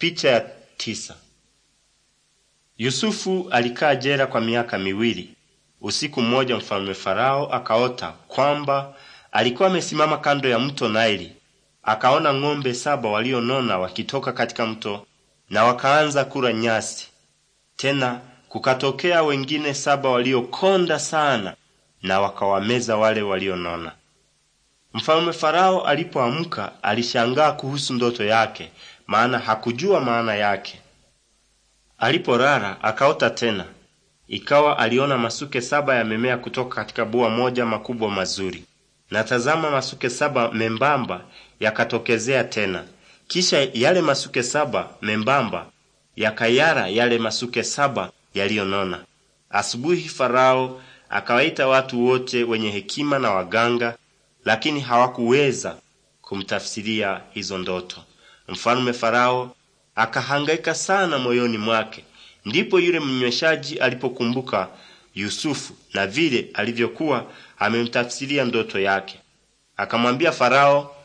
Picha ya tisa. Yusufu alikaa jela kwa miaka miwili. Usiku mmoja mfalme Farao akaota kwamba alikuwa amesimama kando ya mto Naili. Akaona ng'ombe saba walionona wakitoka katika mto na wakaanza kula nyasi. Tena kukatokea wengine saba waliokonda sana na wakawameza wale walionona. Mfalme Farao alipoamka alishangaa kuhusu ndoto yake maana hakujua maana yake. Aliporara akaota tena, ikawa aliona masuke saba yamemea kutoka katika bua moja makubwa mazuri, na tazama, masuke saba membamba yakatokezea tena. Kisha yale masuke saba membamba yakayara yale masuke saba yaliyonona. Asubuhi Farao akawaita watu wote wenye hekima na waganga, lakini hawakuweza kumtafsiria hizo ndoto. Mfalme Farao akahangaika sana moyoni mwake. Ndipo yule mnyweshaji alipokumbuka Yusufu na vile alivyokuwa amemtafsiria ndoto yake, akamwambia Farao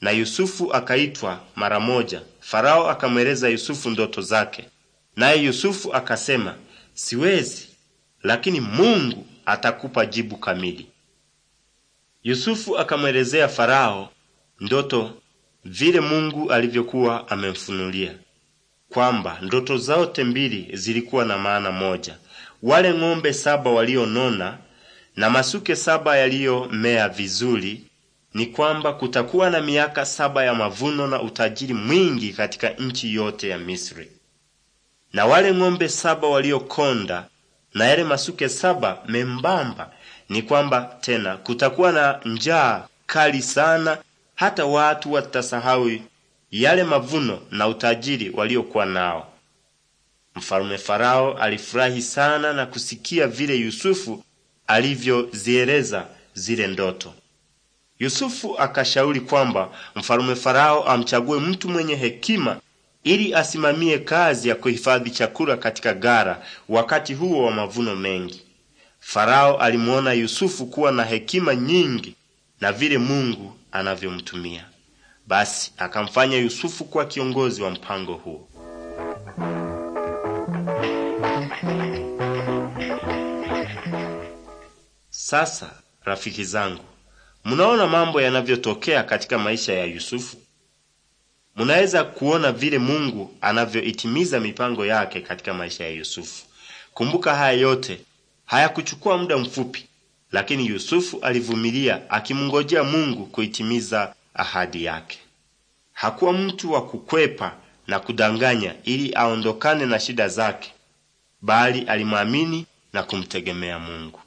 na Yusufu akaitwa mara moja. Farao akamweleza Yusufu ndoto zake, naye Yusufu akasema, siwezi, lakini Mungu atakupa jibu kamili. Yusufu akamwelezea Farao ndoto vile Mungu alivyokuwa amemfunulia kwamba ndoto zote mbili zilikuwa na maana moja: wale ng'ombe saba walionona na masuke saba yaliyomea vizuri ni kwamba kutakuwa na miaka saba ya mavuno na utajiri mwingi katika nchi yote ya Misri. Na wale ng'ombe saba waliokonda na yale masuke saba membamba ni kwamba tena kutakuwa na njaa kali sana hata watu watasahau yale mavuno na utajiri waliokuwa nao. Mfalme Farao alifurahi sana na kusikia vile Yusufu alivyozieleza zile ndoto. Yusufu akashauri kwamba mfalme Farao amchague mtu mwenye hekima ili asimamie kazi ya kuhifadhi chakula katika gara wakati huo wa mavuno mengi. Farao alimuona Yusufu kuwa na hekima nyingi na vile Mungu anavyomtumia. Basi akamfanya Yusufu kuwa kiongozi wa mpango huo. Sasa rafiki zangu, mnaona mambo yanavyotokea katika maisha ya Yusufu. Munaweza kuona vile Mungu anavyoitimiza mipango yake katika maisha ya Yusufu. Kumbuka, haya yote hayakuchukua muda mfupi, lakini Yusufu alivumilia akimngojea Mungu kuitimiza ahadi yake. Hakuwa mtu wa kukwepa na kudanganya ili aondokane na shida zake, bali alimwamini na kumtegemea Mungu.